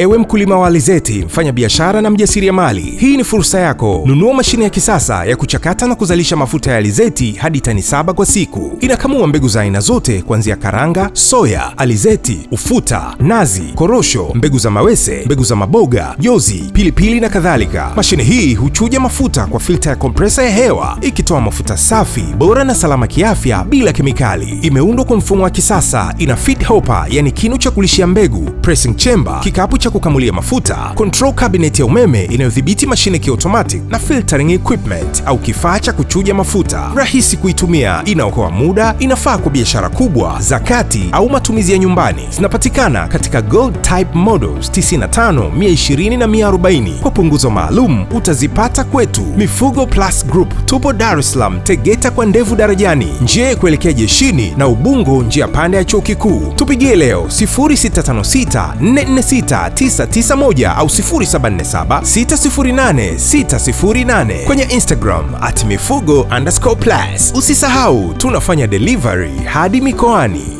Ewe mkulima wa alizeti, mfanya biashara na mjasiriamali, hii ni fursa yako. Nunua mashine ya kisasa ya kuchakata na kuzalisha mafuta ya alizeti hadi tani saba kwa siku. Inakamua mbegu za aina zote kuanzia karanga, soya, alizeti, ufuta, nazi, korosho, mbegu za mawese, mbegu za maboga, jozi, pilipili na kadhalika. Mashine hii huchuja mafuta kwa filta ya kompresa ya hewa, ikitoa mafuta safi, bora na salama kiafya, bila kemikali. Imeundwa kwa mfumo wa kisasa, ina feed hopper, yani kinu cha kulishia mbegu, pressing chamber, kikapu cha cha kukamulia mafuta, control cabinet ya umeme inayodhibiti mashine kiotomatic na filtering equipment au kifaa cha kuchuja mafuta. Rahisi kuitumia, inaokoa muda, inafaa kwa biashara kubwa, zakati au matumizi ya nyumbani. Zinapatikana katika Gold Type Models 95, 120 na 140. Kwa punguzo maalum utazipata kwetu Mifugo Plus Group. Tupo Dar es Salaam, Tegeta kwa ndevu darajani, njia ya kuelekea jeshini na Ubungo, njia panda ya chuo kikuu. Tupigie leo 0656 446 991 au 0747608608 kwenye Instagram at mifugo underscore plus. Usisahau tunafanya delivery hadi mikoani.